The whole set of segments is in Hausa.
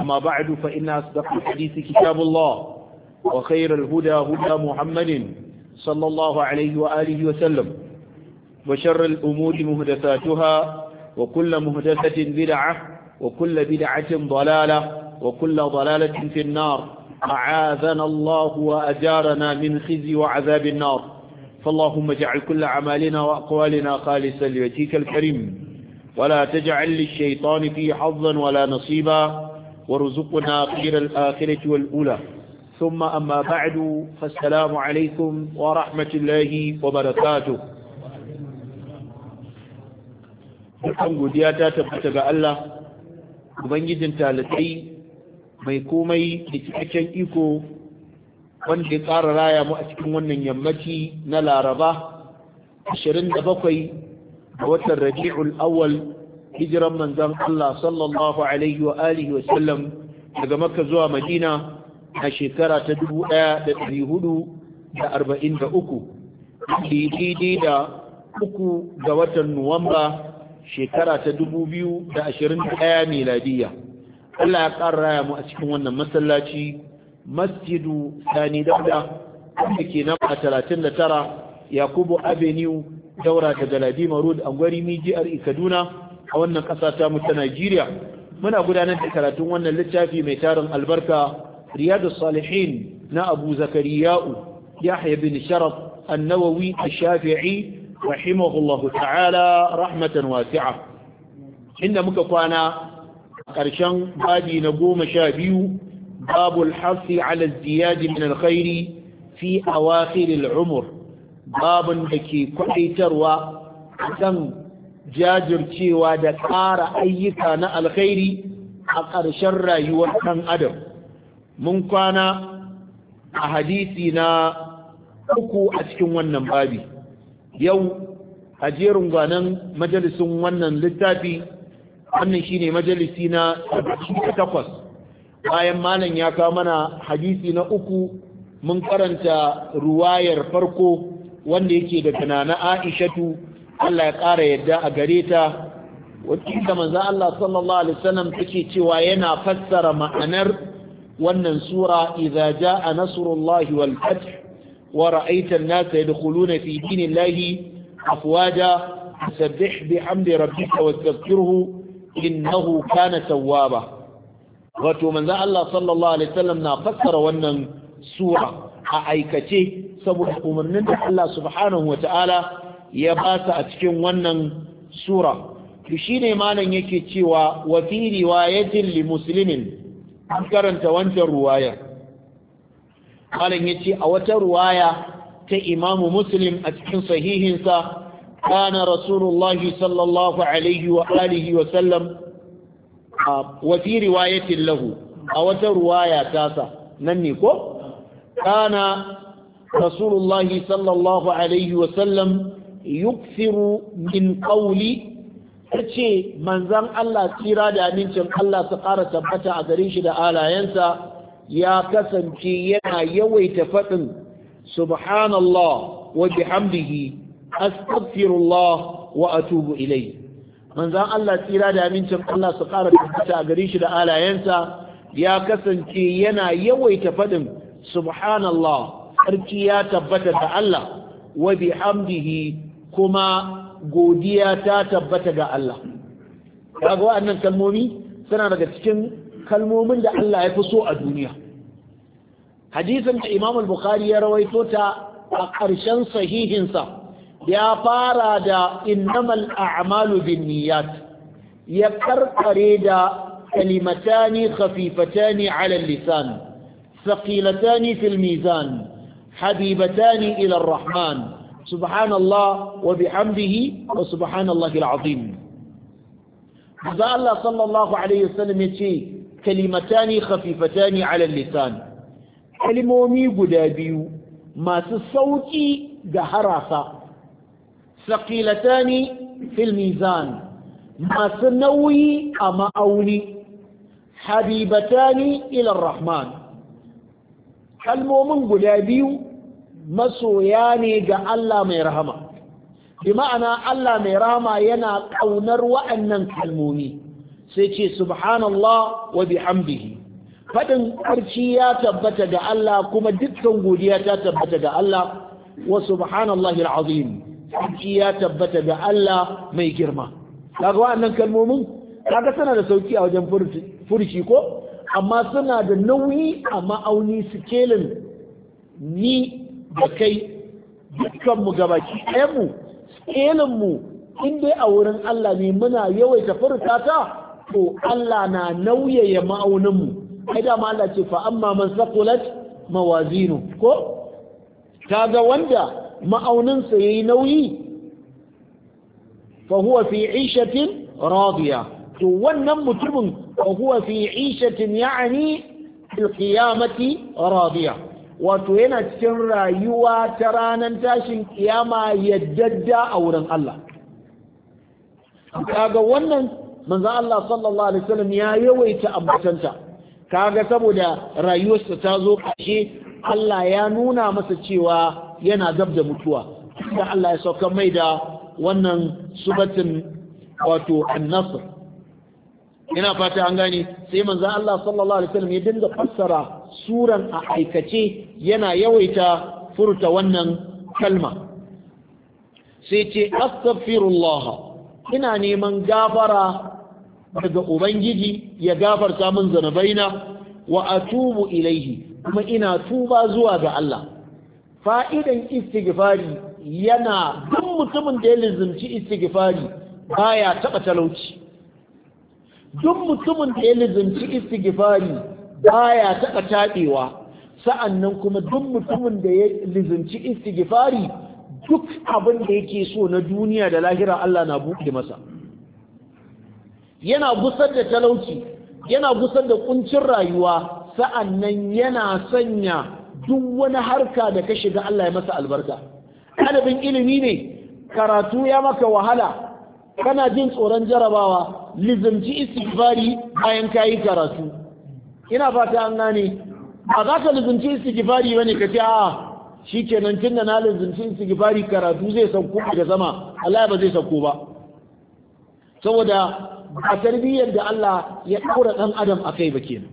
أما بعد فإن أصدق الحديث كتاب الله وخير الهدى هدى محمد صلى الله عليه وآله وسلم وشر الأمور مهدثاتها وكل مهدثة بدعة وكل بدعة ضلالة وكل ضلالة في النار أعاذنا الله وأجارنا من خزي وعذاب النار فاللهم اجعل كل عمالنا وأقوالنا خالصا لوجهك الكريم ولا تجعل للشيطان فيه حظا ولا نصيبا وارزقنا خير الآخرة والأولى ثم أما بعد فالسلام عليكم ورحمة الله وبركاته Dukan godiya ta tabbata ga Allah, Ubangijin talatai mai komai da cikakken iko wanda ya ƙara raya mu a cikin wannan yammaci na Laraba 27 ga watan Rabi'ul Awwal hijiran manzon Allah sallallahu alaihi wa alihi wa daga maka zuwa Madina a shekara ta 1443 daidai da uku ga watan Nuwamba shekara ta 2021 miladiya Allah ya ƙara mu a cikin wannan masallaci masjidu sani dauda wanda ke talatin da 39 yakubu avenue daura da galadima road a gwari mijiyar kaduna a wannan ƙasa ta mu ta Najeriya muna gudanar da karatun wannan littafi mai tarin albarka Riyadus Salihin na Abu Zakariya'u Yahya bin Sharaf An-Nawawi Ash-Shafi'i rahimahullahu ta'ala rahmatan wasi'a inda muka kwana ƙarshen babi na goma sha biyu babu hasi ala ziyadi min alkhairi fi awakhir al babun da ke kwaitarwa kan jajircewa da ƙara ayyuka na alkhairi a ƙarshen rayuwar ɗan adam mun kwana a hadisi na uku a cikin wannan babi yau a jerin gwanan majalisun wannan littafi wannan shine majalisi na takwas bayan malam ya kawo mana hadisi na uku mun karanta ruwayar farko wanda yake daga na aishatu Allah ya ƙara yadda a gare ta wakilta manzan Allah sallallahu Alaihi wasallam take cewa yana fassara ma'anar wannan sura idza ja'a nasrullahi wal fath wa ra'aita an-nasa yadkhuluna fi dinillahi afwaja fasabbih bihamdi rabbika wastaghfirhu innahu kana tawwaba wato manzan Allah sallallahu Alaihi wasallam na fassara wannan sura a aikace saboda umarnin da Allah subhanahu wa ta'ala ya ba su a cikin wannan sura to shine malam yake cewa wa fi riwayatin li muslimin an karanta wancan ruwaya malam yace a wata ruwaya ta imamu muslim a cikin sahihinsa كان رسول الله صلى الله عليه وآله وسلم a wata ruwaya أو رواية تاسة ننكو كان رسول rasulullahi sallallahu alaihi wa sallam. yuksiru min qawli tace manzan Allah tsira da amincin Allah su ƙara tabbata a garin shi da alayensa ya kasance yana yawaita faɗin subhanallah wa bihamdihi astaghfirullah wa atubu ilai Manzan Allah tsira da amincin Allah su ƙara tabbata a garin shi da alayensa ya kasance yana yawaita faɗin subhanallah sarki ya tabbata da Allah wa bihamdihi kuma godiya ta tabbata ga Allah kaga waɗannan kalmomi suna daga cikin kalmomin da Allah ya fi so a duniya hadisin da Imam al-Bukhari ya rawaito ta a ƙarshen sahihinsa ya fara da innamal a'malu binniyat ya karkare da kalimatani khafifatani 'ala al-lisan ثقيلتان في الميزان subhanallah wa bihamdihi wa subhanallahi alazim manzo Allah sallallahu alaihi wasallam yace kalimatani khafifatani ala lisan kalmomi guda biyu masu sauki da harasa saqilatani fil mizan masu nauyi a ma'auni habibatani ila rahman kalmomin guda biyu masoya ne ga Allah mai rahama bi ma'ana Allah mai rahama yana ƙaunar wa'annan kalmomi sai ce subhanallah wa bihamdihi faɗin ƙarci ya tabbata ga Allah kuma dukkan godiya ta tabbata ga Allah wa subhanallahi alazim ƙarci ya tabbata ga Allah mai girma kaga wa'annan kalmomin kaga suna da sauki a wajen furci ko amma suna da nauyi a ma'auni sikelin ni da kai dukkanmu gabaki ɗayanmu tselinmu in dai a wurin Allah ne muna yawaita furta ta to Allah na nauyaya ma'auninmu ai da Allah ce fa amma man saqulat mawazinu ko kaga wanda ma'auninsa yayi nauyi fa huwa fi 'ishatin radiya to wannan mutumin fa huwa fi 'ishatin ya'ni fil qiyamati radiya wato yana cikin rayuwa ta ranar tashin kiyama yaddadda a wurin Allah kaga wannan manzan Allah sallallahu alaihi wasallam ya yawaita ambatanta kaga saboda rayuwarsa ta zo kashe Allah ya nuna masa cewa yana zab da mutuwa da Allah ya sauka mai da wannan subatin wato annasr ina fata an gane sai manzan Allah sallallahu alaihi wasallam ya dinga fassara suran a aikace yana yawaita furta wannan kalma sai ce astaghfirullah ina neman gafara daga ubangiji ya gafarta min zanabaina wa atubu ilaihi kuma ina tuba zuwa ga Allah fa'idan istighfari yana duk mutumin da ya lizimci istighfari baya taba talauci duk mutumin da ya lizimci istighfari baya taɓa taɓewa sa'annan kuma duk mutumin da ya lizinci istighfari duk abin da yake so na duniya da lahira Allah na buɗe masa yana gusar da talauci yana gusar da ƙuncin rayuwa sa'annan yana sanya duk wani harka da ka shiga Allah ya masa albarka ɗalibin ilimi ne karatu ya maka wahala kana jin tsoron jarabawa lizimci istighfari bayan yi karatu ina fata an gane ba za ka lizinci istighfari bane ka ce a'a shikenan tunda na lizinci istighfari karatu zai sauko daga sama Allah ba zai sauko ba saboda a tarbiyyar da Allah ya ɗaura ɗan adam a kai ba kenan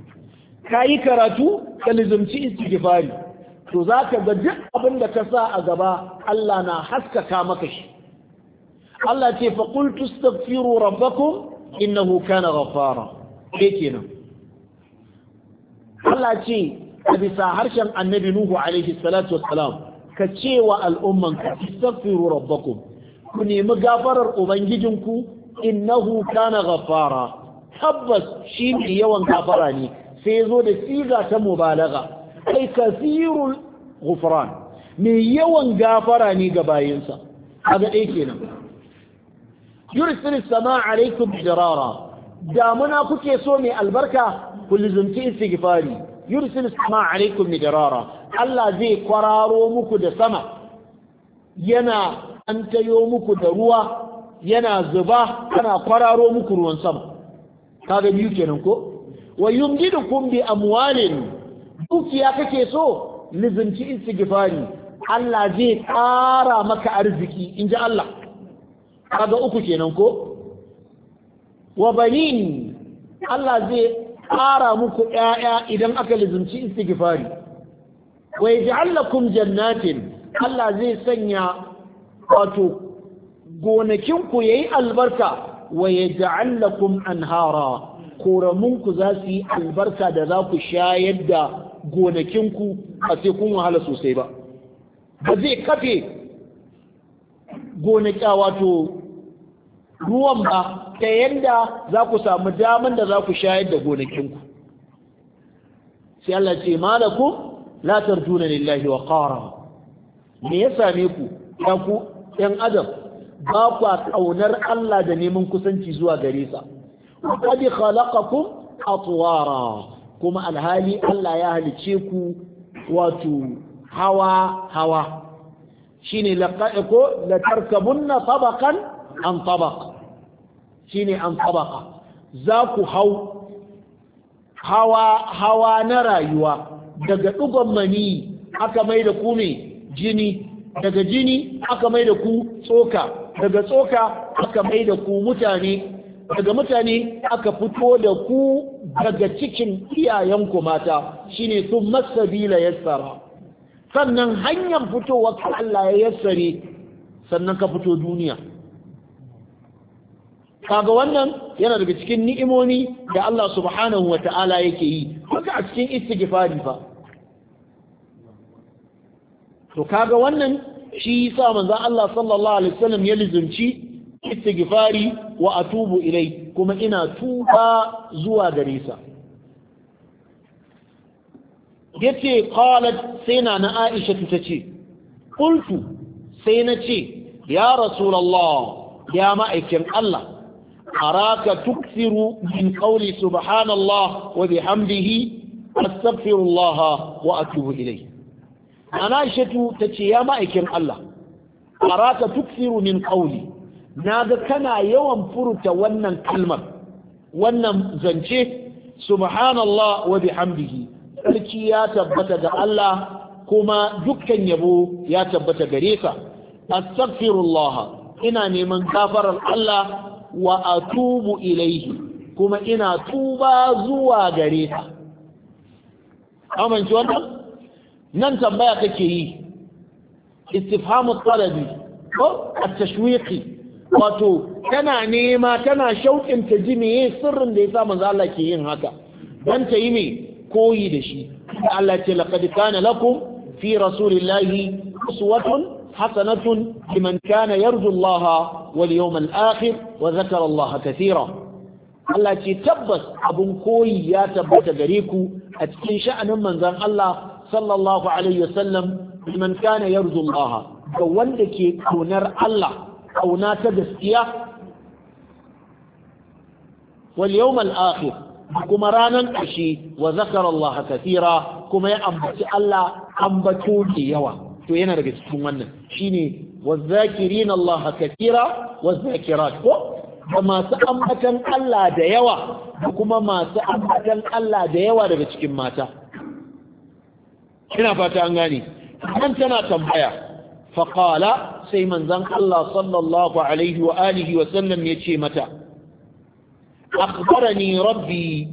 ka yi karatu ka lizunci istighfari to za ka ga duk abin da ka sa a gaba Allah na haskaka maka shi Allah ce fa qultu astaghfiru rabbakum innahu kana ghaffara ke kenan Allah ce a bisa harshen annabi Nuhu alaihi salatu wassalam ka ce wa al'umman ka istaghfiru rabbakum ku nemi gafarar ubangijinku innahu kana ghaffara tabbas shi ne yawan gafara ne sai zo da siga ta mubalaga kai kasirul ghufran mai yawan gafara ne ga bayinsa kaga dai kenan yursilu samaa alaikum jirara damuna kuke so mai albarka ku lizumci istighfari yursil sama alaikum midarara Allah zai kwararo muku da sama yana antayo muku da ruwa yana zuba kana kwararo muku ruwan sama kaga biyu kenan ko wa yumdidukum bi amwalin dukiya kake so lizunci istighfari Allah zai ƙara maka arziki in Allah kaga uku kenan ko wa banin Allah zai ƙara muku ƴaƴa idan aka lizumci istighfari wa yaj'alakum jannatin Allah zai sanya wato gonakin ku yayi albarka wa yaj'alakum anhara koramun ku za su yi albarka da za ku shayar da gonakin ku a sai kun wahala sosai ba ba zai kafe gonaka wato ruwan ba ta yadda za ku samu daman da za ku shayar da gonakinku sai Allah ce ku la tarjuna lillahi wa qara me ya same ku ya ku ɗan adam ba ku kaunar Allah da neman kusanci zuwa gare sa qad khalaqakum atwara kuma alhali Allah ya halice ku wato hawa hawa shine ko la tarkabunna tabaqan an shi shine an tabaka za ku hau hawa hawa na rayuwa daga dugon mani aka mai da ku ne jini daga jini aka mai da ku tsoka daga tsoka aka mai da ku mutane daga mutane aka fito da ku daga cikin iyayenku mata shine sun masabila yassara sannan hanyar fitowar Allah ya yassare sannan ka fito duniya kaga wannan yana daga cikin ni'imomi da Allah subhanahu wa ta'ala yake yi haka a cikin istighfari fa to kaga wannan shi yasa manzo Allah sallallahu alaihi wasallam ya lizunci istighfari wa atubu ilai kuma ina tuba zuwa gare sa yace qalat sai na na Aisha tace qultu sai na ce ya rasulullah ya ma'aikin Allah araka tuksiru min qawli subhanallah wa bihamdihi astaghfirullah wa atubu ilayhi ana shatu tace ya ma'aikin Allah araka tuksiru min qawli naga kana yawan furuta wannan kalmar wannan zance subhanallah wa bihamdihi sarki ya tabbata ga Allah kuma dukkan yabo ya tabbata gare ka astaghfirullah ina neman gafarar Allah wa atubu ilaihi kuma ina tuba zuwa gare ta amince wannan nan tambaya kake yi istifhamu talabi ko at wato tana nema tana shauƙin ta ji sirrin da yasa manzo Allah ke yin haka dan ta yi me koyi da shi Allah ce laqad kana lakum fi rasulillahi uswatun حسنة لمن كان يرجو الله واليوم الآخر وذكر الله كثيرا Allah ce tabbas abin koyi ya tabbata gare ku a cikin sha'anin manzan Allah sallallahu alaihi wasallam liman kana yarju Allah ga wanda ke kaunar Allah kauna ta gaskiya wal yawmal akhir kuma ranan ƙarshe wa zakara Allah kathira kuma ya ambaci Allah ambato da yawa to yana daga cikin wannan shine wazakirin Allah katira wazakirat ko da masu ambatan Allah da yawa da kuma masu ambatan Allah da yawa daga cikin mata ina fata an gane an tana tambaya faqala sai manzon Allah sallallahu alaihi wa alihi wa sallam yace mata akhbarani rabbi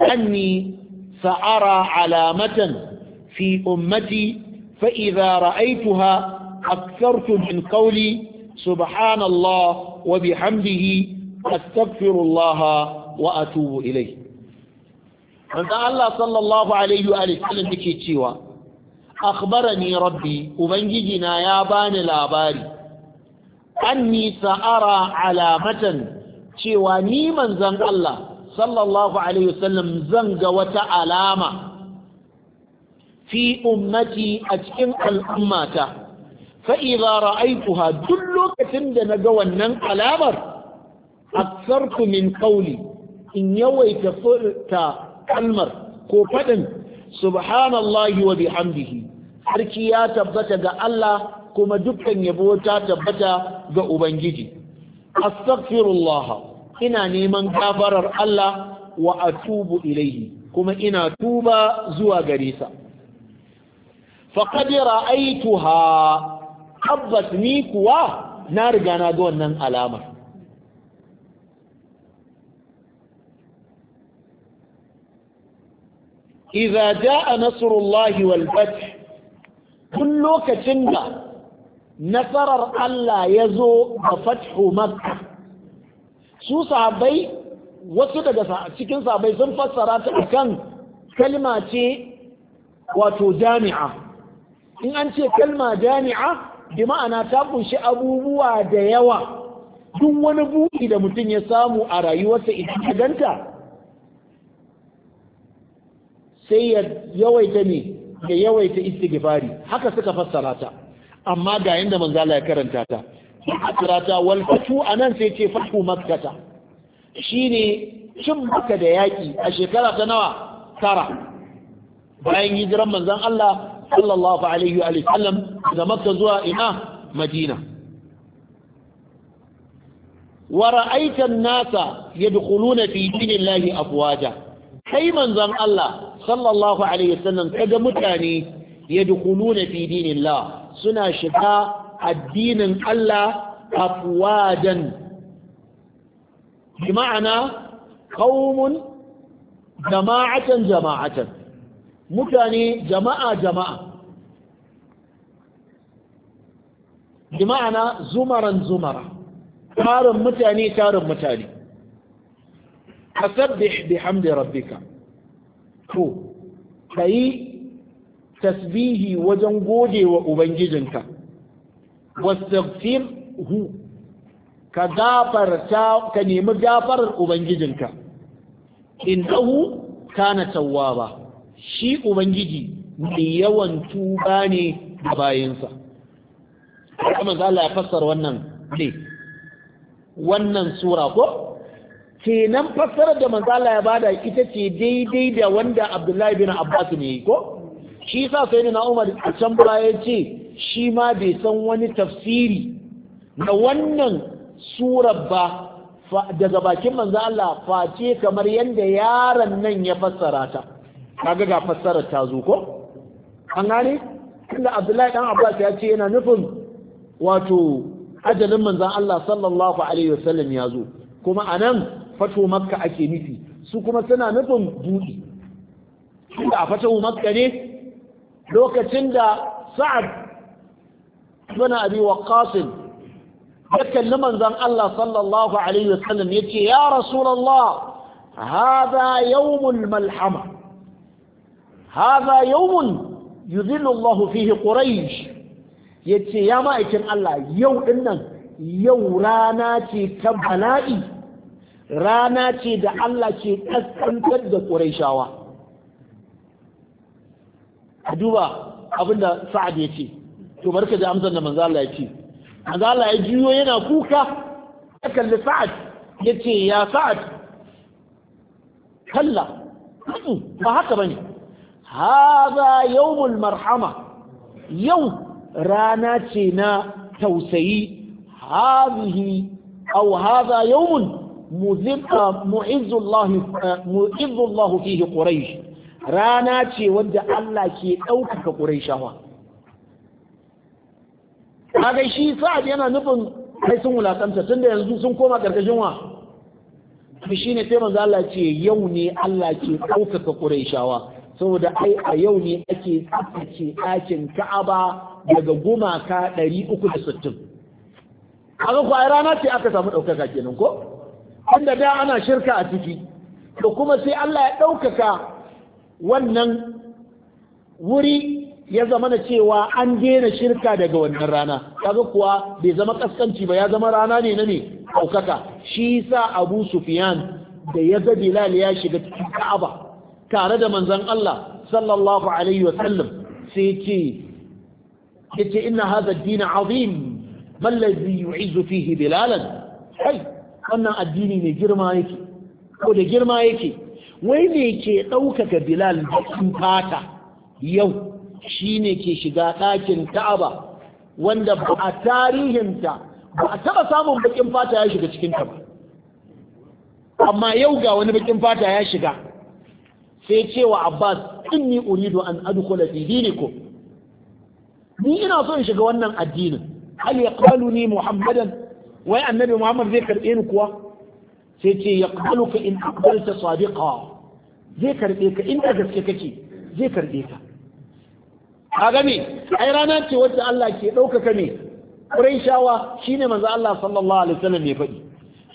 anni sa'ara alamatan fi ummati فإذا رأيتها أكثرت من قولي سبحان الله وبحمده أستغفر الله وأتوب إليه عند الله صلى الله عليه وآله وسلم تشيوا أخبرني ربي وبنجينا يا بان الآباري أني سأرى علامة شواني من زن الله صلى الله عليه وسلم زنق وتعلامة fi ummati a cikin al'ummata fa'iza ra'aikuha duk lokacin da na ga wannan alamar aksartu min kauli in yawaita furta kalmar ko faɗin subhanallahi wa bihamdihi sarki ya tabbata ga Allah kuma dukkan yabo ta tabbata ga Ubangiji astaghfirullah ina neman gafarar Allah wa atubu ilaihi kuma ina tuba zuwa gare sa faqad ra'aytuha tabbas ni kuwa na riga na ga wannan alamar Iza jaa nasrullahi wal fath kun lokacin da nasarar Allah ya zo da fathu makka su sabai wasu daga cikin sabai sun fassara ta akan kalma ce wato jami'a in an ce kalma jami'a bi ma'ana ta kunshi abubuwa da yawa duk wani buɗi da mutum ya samu a rayuwarsa idan ka ganta sai ya yawaita ne ya yawaita istighfari haka suka fassara ta amma ga yanda manzo Allah ya karanta ta fassara wal fatu anan sai ce fatu makkata shine cin maka da yaki a shekara ta nawa tara bayan hijiran manzon Allah sallallahu alaihi wa sallam daga makka zuwa ina madina wa ra'aita an-nasa yadkhuluna fi dinillahi afwaja kai manzon Allah sallallahu alaihi wa sallam kaga mutane yadkhuluna fi dinillah suna shiga addinin Allah afwajan bi ma'ana qaumun jama'atan jama'atan mutane jama'a jama'a bi ma'ana zumaran zumara tarin mutane tarin mutane fasabbih hamdi rabbika to kai tasbihi wajen gode wa ubangijinka hu ka gafarta ka nemi gafarar ubangijinka In innahu kana tawwaba shi ubangiji mai yawan tuba ne da bayansa kuma za Allah ya fassara wannan ne wannan sura ko kenan fassarar da Manzala ya bada ita ce daidai da wanda Abdullahi bin Abbas ne ko shi sa sai na Umar a can baya ce shi ma bai san wani tafsiri na wannan surar ba daga bakin manzo Allah face kamar yadda yaron nan ya fassara ta kaga ga fassarar ta zo ko an gane tunda abdullahi dan abbas ya ce yana nufin wato ajalin manzon Allah sallallahu alaihi wasallam ya zo kuma anan fatu makka ake nufi su kuma suna nufin buɗi Inda a fatu makka ne lokacin da sa'ad ibn abi waqqas ya kalli manzon Allah sallallahu alaihi wasallam yace ya rasulullah hada yawmul malhama haza yawmun yuzillu Allah fihi quraish yace ya ma'aikin Allah yau dinnan yau rana ce ta bala'i rana ce da Allah ke kaskantar da A duba abinda sa'ad ya ce to barka da amsar da Manzala ya ce Manzala ya juyo yana kuka ya kalli sa'ad yace ya sa'ad kalla ba haka bane haza yawmul marhama yau rana ce na tausayi hazihi aw haza yawmun mu'izzu Allah fihi quraish rana ce wanda Allah ke ɗaukaka quraishawa kaga shi sa'ad yana nufin kai sun wulakanta tunda yanzu sun koma karkashin wa shi ne sai manzo Allah ce yau ne Allah ke ɗaukaka quraishawa saboda ai a yau ne ake tsaftace ɗakin ka'aba daga gumaka ɗari uku da sittin kaga kwaye rana ce aka samu ɗaukaka kenan ko inda da ana shirka a ciki to kuma sai Allah ya ɗaukaka wannan wuri ya zama na cewa an dena shirka daga wannan rana kaga kuwa bai zama kaskanci ba ya zama rana ne na ne ɗaukaka shi sa abu sufiyan da ya ga bilal ya shiga cikin ka'aba tare da manzon Allah sallallahu alaihi wasallam sai ce yace ce ina ad dina azim man yu'izzu fihi bilalan kai wannan addini ne girma yake ko da girma yake wai ne ke ɗaukaka bilal da fata yau shi ne ke shiga ɗakin ta'aba wanda ba a tarihinta ba a taɓa samun bakin fata ya shiga cikinta ba amma yau ga wani bakin fata ya shiga sai cewa Abbas inni uridu an adkhula fi dinikum ni ina so in shiga wannan addinin hal yaqbaluni muhammadan wai annabi muhammad zai karbe ni kuwa sai ce yaqbaluka in aqbalta sadiqa zai karbe ka inda gaske kake zai karbe ka A me ai rana ce wacce Allah ke ɗaukaka ne Qurayshawa shine manzo Allah sallallahu alaihi wasallam ya faɗi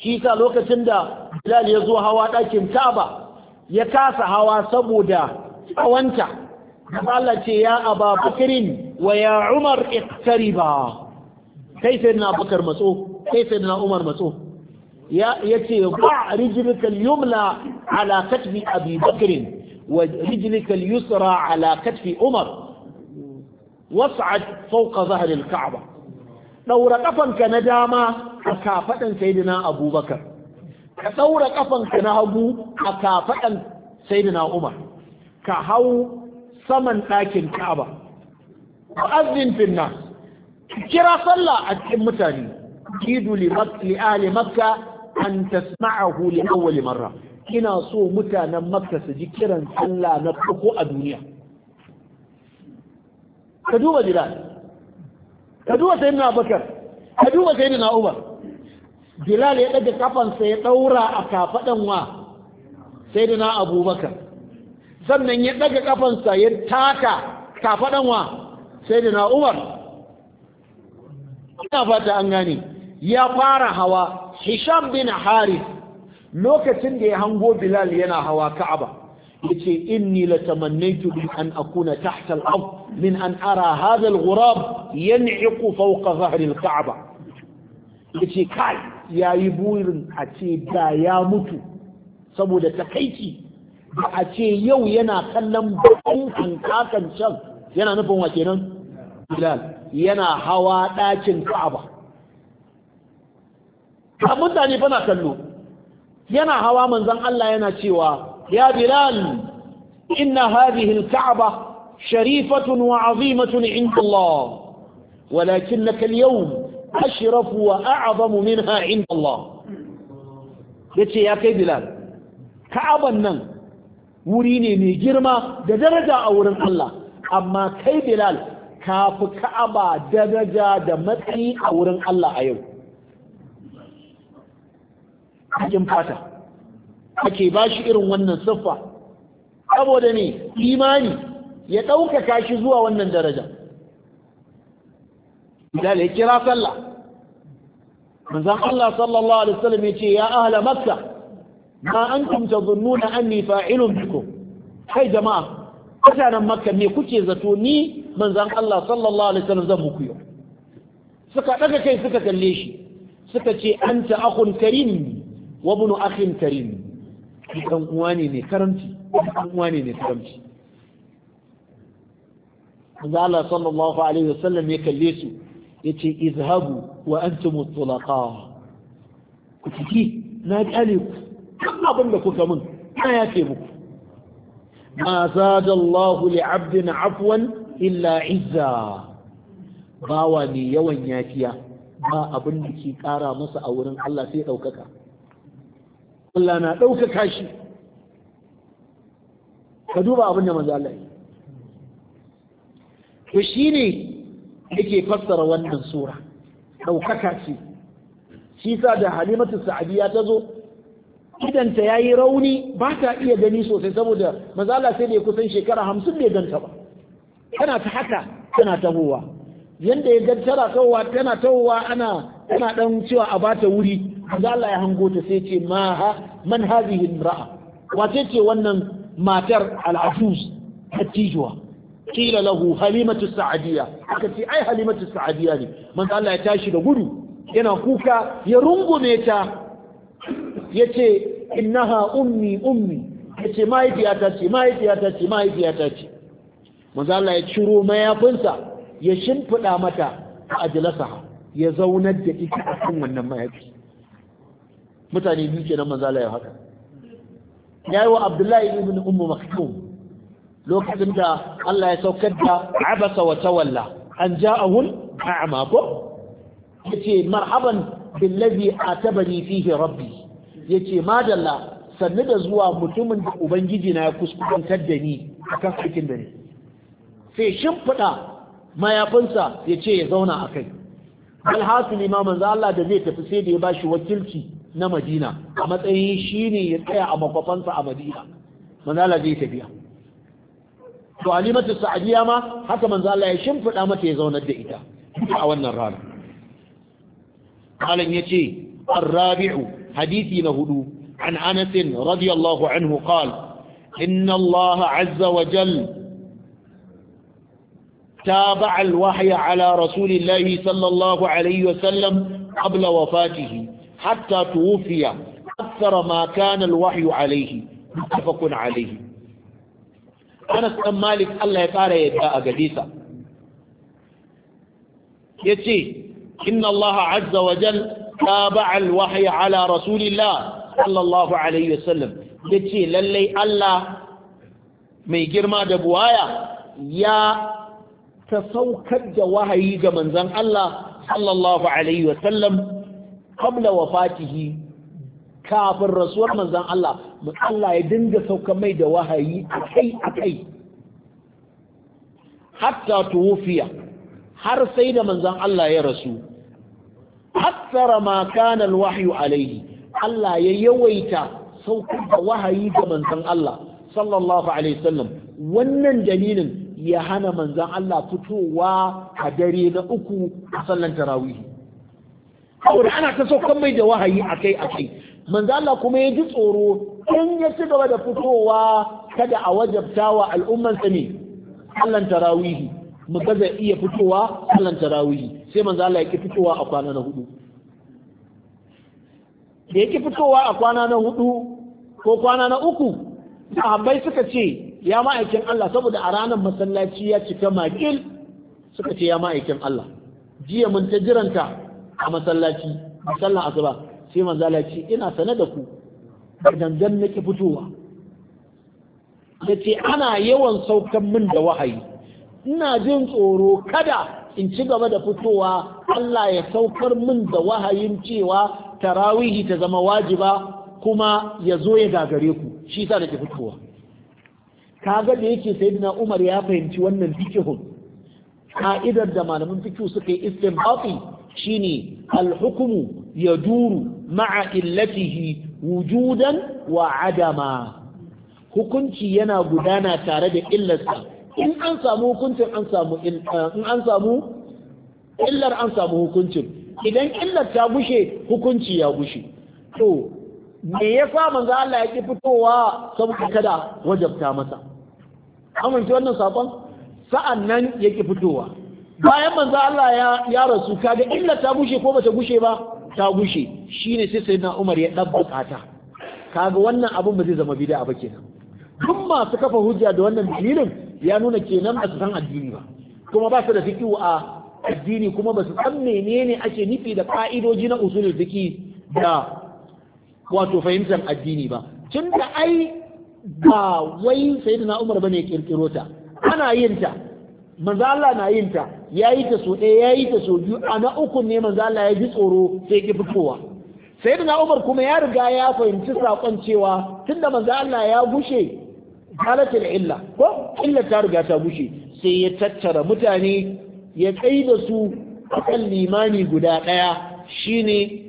shi sa lokacin da Bilal ya zo hawa ɗakin Ka'aba ya kasa hawa saboda tsawanta Allah ce ya aba bakirin wa ya umar iqtariba kai sai na bakar matso kai sai na umar matso ya ce ba rijlikal yumla ala katfi abi bakirin wa rijlikal yusra ala katfi umar was'ad fawqa zahri al-ka'ba daura kafanka na dama a kafadan sayyidina abubakar ka ɗaura ƙafanka na hagu a kafaɗan sayyidina umar ka hau saman ɗakin ka'aba mu'azzin finna kira sallah a cikin mutane jidu li ahli makka an tasma'ahu li awwal marra ina so mutanen makka su ji kiran sallah na farko a duniya ka duba jira ka duba sayyidina bakar ka duba sayyidina umar bilal ya ɗaga kafansa ya ɗaura a kafaɗan wa sai da na abubakar sannan ya ɗaga kafansa ya taka kafaɗan wa sai da na umar ina fata an gane ya fara hawa hisham bin haris lokacin da ya hango bilal yana hawa ka'aba yace inni latamannaitu bi an akuna tahta al ab min an ara hadha al-ghurab yan'iqu fawqa dhahri al yace kai ya yi burin a ce da ya mutu saboda takaici ba a ce yau yana kallon bakin hankakan can yana nufin wa kenan bilal yana hawa ɗakin ka'aba a mutane fana kallo yana hawa manzon Allah yana cewa ya bilal inna hadhihi al-ka'aba sharifatun wa azimatun inda Allah ولكنك اليوم ashrafu wa a'zamu minha inda Allah yace ya kai Bilal Ka'aban nan wuri ne mai girma da daraja a wurin Allah amma kai Bilal kafi Ka'aba daraja da matsayi a wurin Allah a yau cikin fata ake ba shi irin wannan siffa saboda ne imani ya ɗaukaka shi zuwa wannan daraja misali ya kira sallah manzon Allah sallallahu alaihi wasallam ya ce ya ahla makka ma antum tazunnuna anni fa'ilun bikum kai jama'a mutanen makka me kuke zato ni manzon Allah sallallahu alaihi wasallam zan muku yau suka daga kai suka kalle shi suka ce anta akhun karim wa ibnu akhin karim dan uwa ne mai karamci dan uwa ne ne karamci manzo Allah sallallahu alaihi wasallam ya kalle su yace izhabu wa an antum tulaqa ku ciki na kale ku kan abin da kuka mun na yafe muku ma zada Allah li 'abdin 'afwan illa 'izza bawa ne yawan yafiya ba abin da ke kara masa a wurin Allah sai ɗaukaka. Allah na daukaka shi ka duba abin da manzo Allah yi to shine yake fassara wannan sura ɗaukaka ce shi sa da halimatu sa'adiya ta zo idanta ya yi rauni ba ta iya gani sosai saboda mazala sai da ya kusan shekara hamsin bai ganta ba tana ta haka tana tahowa yanda ya gantara tahowa tana tahowa ana tana dan cewa a bata wuri mazala ya hango ta sai ce ma ha man imra'a wace ce wannan matar al'ajuz hattijuwa qila lahu halimatu sa'adiyya aka ce ai halimatu sa'adiyya ne manzo Allah ya tashi da gudu yana kuka ya rungume ta yace innaha ummi ummi yace mahaifiyata ce mahaifiyata ce mahaifiyata ce manzo Allah ya ciro mayafinsa ya shimfida mata a ajlasaha ya zaunar da ita a kan wannan mayafi mutane biyu kenan manzo Allah ya haka yayi wa Abdullahi ibn Ummu Maktum lokacin da Allah ya saukar da abasa wa tawalla an ja'ahul a'ma ko yace marhaban billazi atabani fihi rabbi yace madalla sannu da zuwa mutumin da ubangiji na ya kuskurantar da ni kan aikin da ni sai shimfiɗa mayafinsa ya ce ya zauna a kai alhasil imaman za Allah da zai tafi sai da ya bashi wakilci na madina a matsayin shi ne ya tsaya a makwafansa a madina manzala zai tafiya to alimatu sa'adiya ma haka manzo Allah ya shimfida mata ya zaunar da ita a wannan rana qalan yace ar-rabi'u hadisi na hudu an Anas radiyallahu anhu qala inna Allah azza wa jalla تابع الوحي على رسول الله صلى الله عليه وسلم قبل وفاته حتى توفي أكثر ما كان الوحي عليه متفق عليه Anas ɗan Malik Allah ya ƙara yadda a gadisa yace inna Allah azza wa jal taba'a al ala rasulillah sallallahu alaihi wasallam yace lallai Allah mai girma da buwaya ya ta saukar da wahayi ga manzan Allah sallallahu Alaihi wasallam kamla wafatihi kafin rasuwar manzan Allah Allah ya dinga sauka mai da wahayi akai akai hatta tuwufiya har sai da manzan Allah ya rasu hatsara ma kana alaihi Allah ya yawaita saukar da wahayi ga manzan Allah sallallahu alaihi sallam. wannan dalilin ya hana manzan Allah fitowa a dare na uku a sallan tarawihi saboda ana ta saukan mai da wahayi akai akai manzo Allah kuma ya ji tsoro in ya ci gaba da fitowa kada a wajabta wa al'umman sa ne sallan tarawihi mu gaza iya fitowa sallan tarawihi sai manzo Allah ya ki fitowa a kwana na hudu da ya fitowa a kwana na hudu ko kwana na uku sahabbai suka ce ya ma'aikin Allah saboda a ranar masallaci ya cika makil suka ce ya ma'aikin Allah jiya mun ta jiranta a masallaci a sallan asuba sai manzala ce ina sane da ku da dangan nake fitowa ya ce ana yawan saukan min da wahayi ina jin tsoro kada in ci gaba da fitowa Allah ya saukar min da wahayin cewa tarawihi ta zama wajiba kuma ya zo ya gagare ku shi sa nake fitowa kaga da yake sayyidina Umar ya fahimci wannan fikihun ka'idar da malamin fikihu suka yi istinbati shine al-hukmu يدور مع إلته وجودا وعدما hukunci yana gudana tare da illarsa in an samu hukuncin an samu in an samu illar an samu hukuncin idan illar ta gushe hukunci ya gushe to me yasa manzo Allah ya ki fitowa saboda kada wajabta masa amince wannan sakon nan ya ki fitowa bayan manzo Allah ya ya rasu kaga illar ta gushe ko ba ta gushe ba ta gushe shine sai sai na Umar ya dabbaka bukata kaga wannan abin ba zai zama bid'a a kenan duk masu kafa hujja da wannan dalilin ya nuna kenan ba su san addini ba kuma ba su da fiqh a addini kuma ba su san menene ake nufi da ka'idoji na usulul fiqh da wato fahimtar addini ba tunda ai ba wai sayyidina Umar bane ya kirkiro ta ana yin ta manzo na yin ta yayi ta so ɗaya yayi ta so biyu a na uku ne manzo Allah ya ji tsoro sai ki fitowa sayyidina Umar kuma ya riga ya fahimci sakon cewa tunda manzo Allah ya gushe halatul illa ko illa ta riga ta gushe sai ya tattara mutane ya kai da su akan limani guda ɗaya shine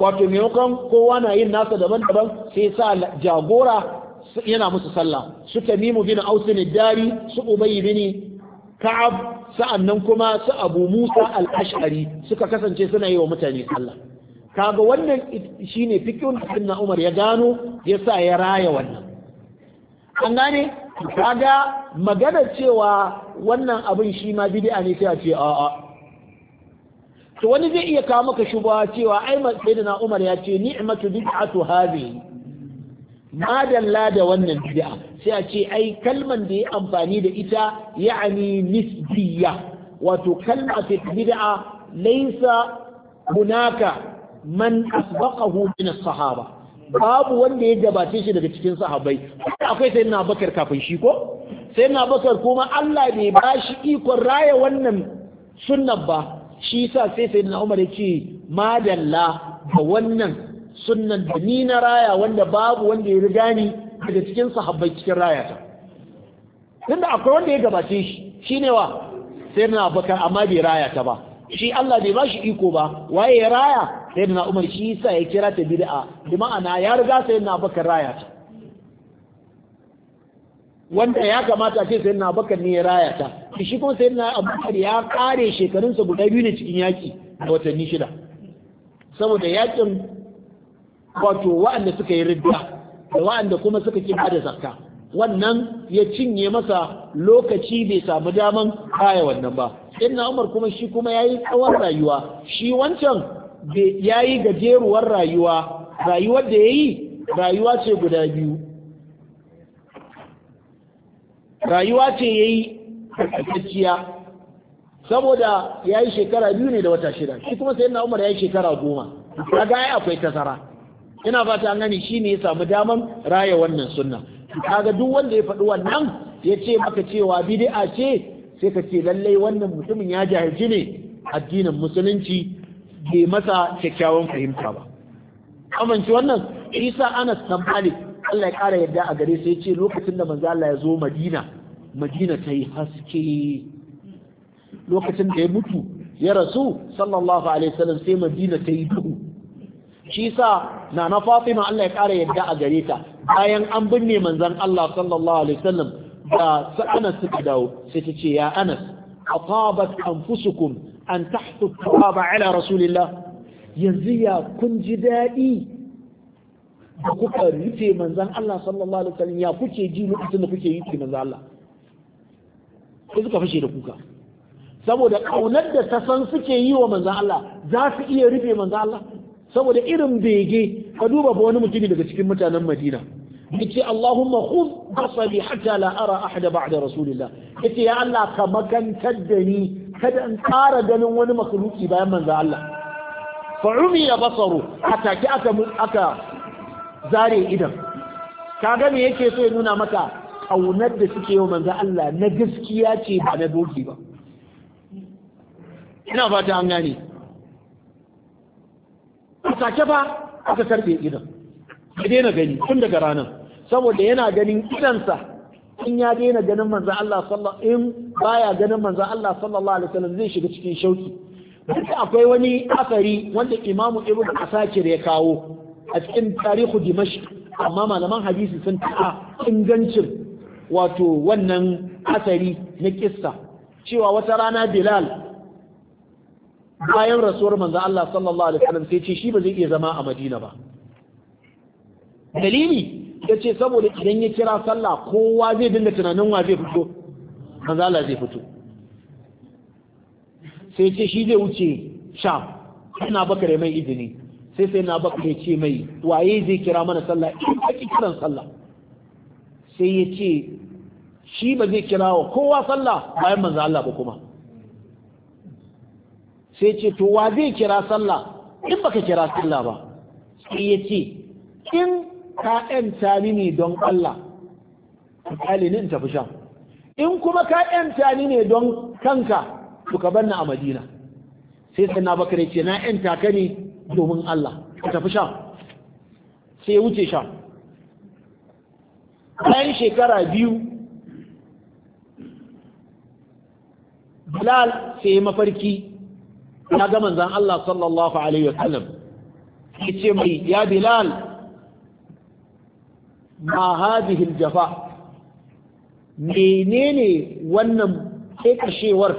wato maimakon kowa na yin nasa daban-daban sai sa jagora yana musu sallah su tamimu bin ausin dari su ubayi bin ka'ab sa'annan kuma su abu musa al-ash'ari suka kasance suna yi wa mutane sallah kaga wannan shine fikun sunna umar ya gano yasa ya raya wannan an gane kaga magana cewa wannan abin shi ma bid'a ne sai a ce a'a to wani zai iya kawo maka shubha cewa ai sayyidina Umar ya ce ni'matu bid'atu hadhihi madalla da wannan bid'a sai a ce ai kalman da ya amfani da ita ya'ani nisbiya wato kalma ce ta bid'a laysa hunaka man asbaqahu min as-sahaba babu wanda ya gabace shi daga cikin sahabbai akwai sayyidina Abubakar kafin shi ko sayyidina Abubakar kuma Allah bai bashi ikon raya wannan sunnan ba shi yasa sai sayyidina Umar ce madalla da wannan sunnan da ni na raya wanda babu wanda ya riga ni daga cikin sahabbai cikin rayata tunda akwai wanda ya gabace shi shine wa Sai na abubakar amma bai raya ta ba shi Allah bai ba shi iko ba waye ya raya Sai na umar shi yasa ya kira ta bid'a bi ma'ana ya riga sai na abubakar raya ta wanda ya kamata ce na abubakar ne ya raya ta shi kuma sai sayyidina abubakar ya kare shekarunsa guda biyu ne cikin yaki a watanni shida saboda yakin wato wa'anda suka yi ridda da wa'anda kuma suka ki da zakka wannan ya cinye masa lokaci bai samu daman kaya wannan ba inna umar kuma shi kuma yayi tsawon rayuwa shi wancan yayi gajeruwar rayuwa rayuwar da yayi rayuwa ce guda biyu rayuwa ce yayi tsakiyya saboda yayi shekara biyu ne da wata shida shi kuma sai umar yayi shekara goma kaga ai akwai tazara. ina fata an gani ne ya samu daman raya wannan sunna kaga duk wanda ya faɗi wannan ya ce maka cewa bid'a ce sai ka ce lallai wannan mutumin ya jahilci ne addinin musulunci bai masa kyakkyawan fahimta ba amince wannan isa anas na malik Allah ya kara yadda a gare sai ce lokacin da manzo Allah ya zo Madina Madina ta yi haske lokacin da ya mutu ya rasu sallallahu alaihi wasallam sai Madina ta yi duhu shi sa na na fatima Allah ya ƙara yadda a gare ta bayan an binne manzon Allah sallallahu alaihi wasallam da sa Anas suka dawo sai ta ce ya Anas atabat anfusukum an tahtu tawaba ala rasulillah yanzu ya kun ji daɗi da kuka rufe manzan Allah sallallahu alaihi wasallam ya kuke ji lokacin da kuke yi manzan Allah sai suka fashe da kuka saboda kaunar da ta san suke yi wa manzan Allah za su iya rufe manzan Allah saboda irin bege ka duba ba wani mutumi daga cikin mutanen madina yace Allahumma khudh basali hatta la ara ahada ba'da rasulillah yace ya Allah ka makantar da ni kada in ƙara ganin wani makhluki bayan manzo Allah fa umiya basaru hatta ki aka aka zare idan kaga me yake so ya nuna maka kaunar da suke yi manzo Allah na gaskiya ce ba na doki ba ina fata an gane a take fa aka karbe idan ya daina gani tun daga ranar saboda yana ganin idansa in ya daina ganin manzan Allah sallallahu in baya ganin manzan Allah sallallahu alaihi wasallam zai shiga cikin shauki duk akwai wani asari wanda imamu ibn asakir ya kawo a cikin tarihu dimashq amma malaman hadisi sun ta'a ingancin wato wannan asari na kissa cewa wata rana bilal bayan rasuwar manzo Allah sallallahu alaihi wasallam sai ce shi ba zai iya zama a Madina ba dalili yace saboda idan ya kira sallah kowa zai dinga tunanin wa zai fito manzo Allah zai fito sai ce shi zai wuce sham ina bakare mai izini sai sai na bakare ce mai waye zai kira mana sallah in kake kiran sallah sai ya ce shi ba zai kira wa kowa sallah bayan manzo Allah ba kuma sai ce to wa zai kira sallah in baka kira sallah ba sai ya ce in ka ƴanta ni ne don Allah misali ni in tafi sham in kuma ka ƴanta ni ne don kanka to ka bar a Madina sai sanna bakare ce na ƴanta ka ne domin Allah ka tafi sham sai ya wuce sham bayan shekara biyu Bilal sai mafarki ya ga manzan Allah sallallahu alaihi wasallam ya ce mai ya bilal ma hadhihi Jafa. menene wannan kashewar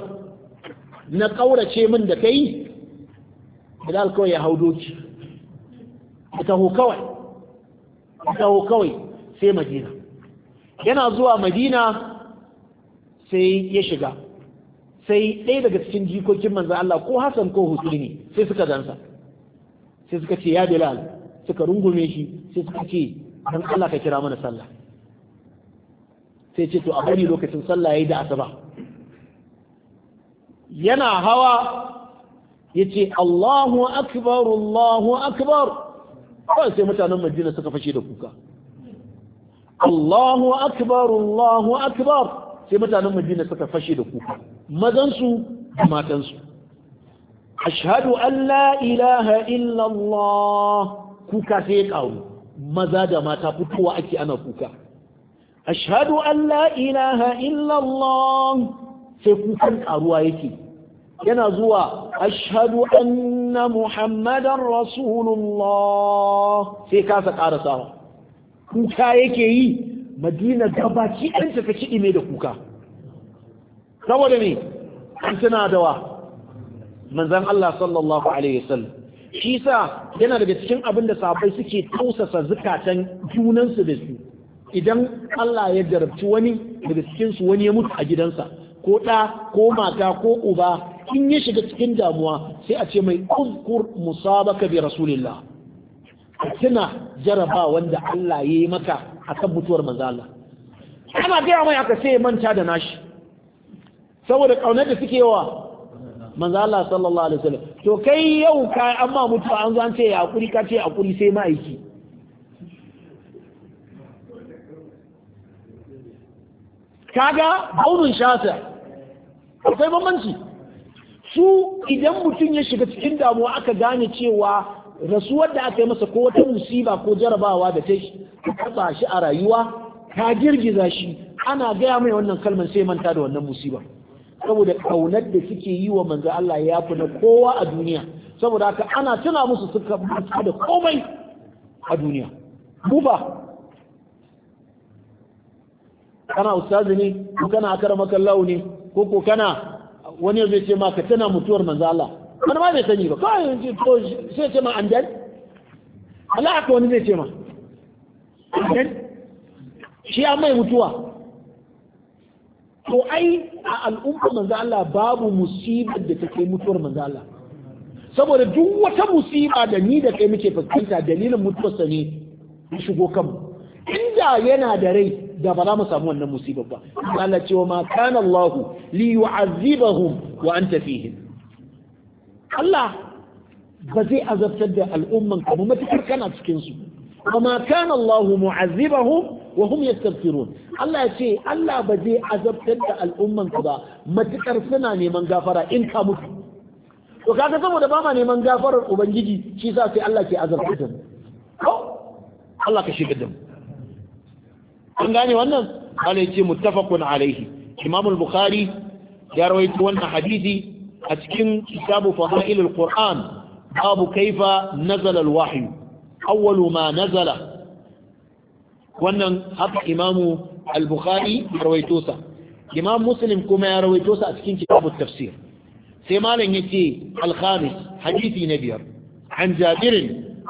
na ƙaurace min da kai bilal kawai ya hau doki ya taho kawai ya taho kawai sai madina yana zuwa madina sai ya shiga sai ɗaya daga cikin jikokin manzan Allah ko Hassan ko Husaini sai suka gansa sai suka ce ya Bilal suka rungume shi sai suka ce dan Allah ka kira mana sallah sai ce to a bari lokacin sallah yayi da asuba yana hawa yace Allahu akbar Allahu akbar kawai sai mutanen Madina suka fashe da kuka Allahu akbar Allahu akbar sai mutanen Madina suka fashe da kuka mazansu da matansu ashhadu an la ilaha illallah kuka sai ya maza da mata fitowa ake ana kuka ashhadu an la ilaha illallah sai kukan karuwa yake yana zuwa ashhadu anna muhammadan rasulullah sai kasa karasawa kuka yake yi madina gabaki an ta kiɗi ime da kuka saboda ne an tuna da wa manzan Allah sallallahu alaihi wasallam shi sa yana daga cikin abin da sabai suke tausasa zukatan junansu da su idan Allah ya jarabci wani daga cikinsu wani ya mutu a gidansa ko ɗa ko mata ko uba in ya shiga cikin damuwa sai a ce mai uzkur musabaka bi rasulillah tuna jaraba wanda Allah ya yi maka akan mutuwar manzo Allah ana gaya mai aka sai manta da nashi saboda ƙaunar da suke wa manzo Allah sallallahu alaihi wasallam to kai yau ka amma mutuwa an zo an ce ya kuri ka ce akuri sai ma'aiki kaga aunin shata akwai bambanci su idan mutum ya shiga cikin damuwa aka gane cewa rasuwar da aka yi masa ko wata musiba ko jarabawa da ta taɓa shi a rayuwa ka girgiza shi ana gaya mai wannan kalmar sai manta da wannan musiba. saboda kaunar da suke yi wa manzo Allah ya fi na kowa a duniya saboda haka ana tuna musu suka mutu da komai a duniya mu ba kana ustazi ne ko kana akramaka Allah ne ko ko kana wani zai ce ma ka tana mutuwar manzo Allah wani ma bai sani ba kawai yanzu to sai ce ma an dan Allah ka wani zai ce ma shi amma mai mutuwa to ai a al'ummar manzo Allah babu musibar da take mutuwar manzo Allah saboda duk wata musiba da ni da kai muke fuskanta dalilin mutuwar ne ya shigo kanmu inda yana da rai da ba za mu samu wannan musibar ba Allah ce wa ma kana Allah li yu'azzibahum wa anta fihim Allah ba zai azabtar da al'umman ka ba matukar kana cikin su wa ma kana Allah mu'azzibahum wa hum yastaghfirun Allah ya ce Allah ba zai azabtar da al'umman ka ba matukar suna neman gafara in ka mutu to kaga saboda ba ma neman gafarar ubangiji shi sa sai Allah ke azabtar da mu Allah ka shiga da mu an gane wannan Allah ya ce muttafaqun alaihi Imam al-Bukhari ya rawaito wannan hadisi a cikin kitabu fadailul Qur'an babu kaifa nazala al-wahyu awwalu ma nazala wannan haka imamu al-bukhari rawaito sa imam muslim kuma ya rawaito sa a cikin kitabut tafsir sai malam yace al-khamis hadisi na biyar an jabir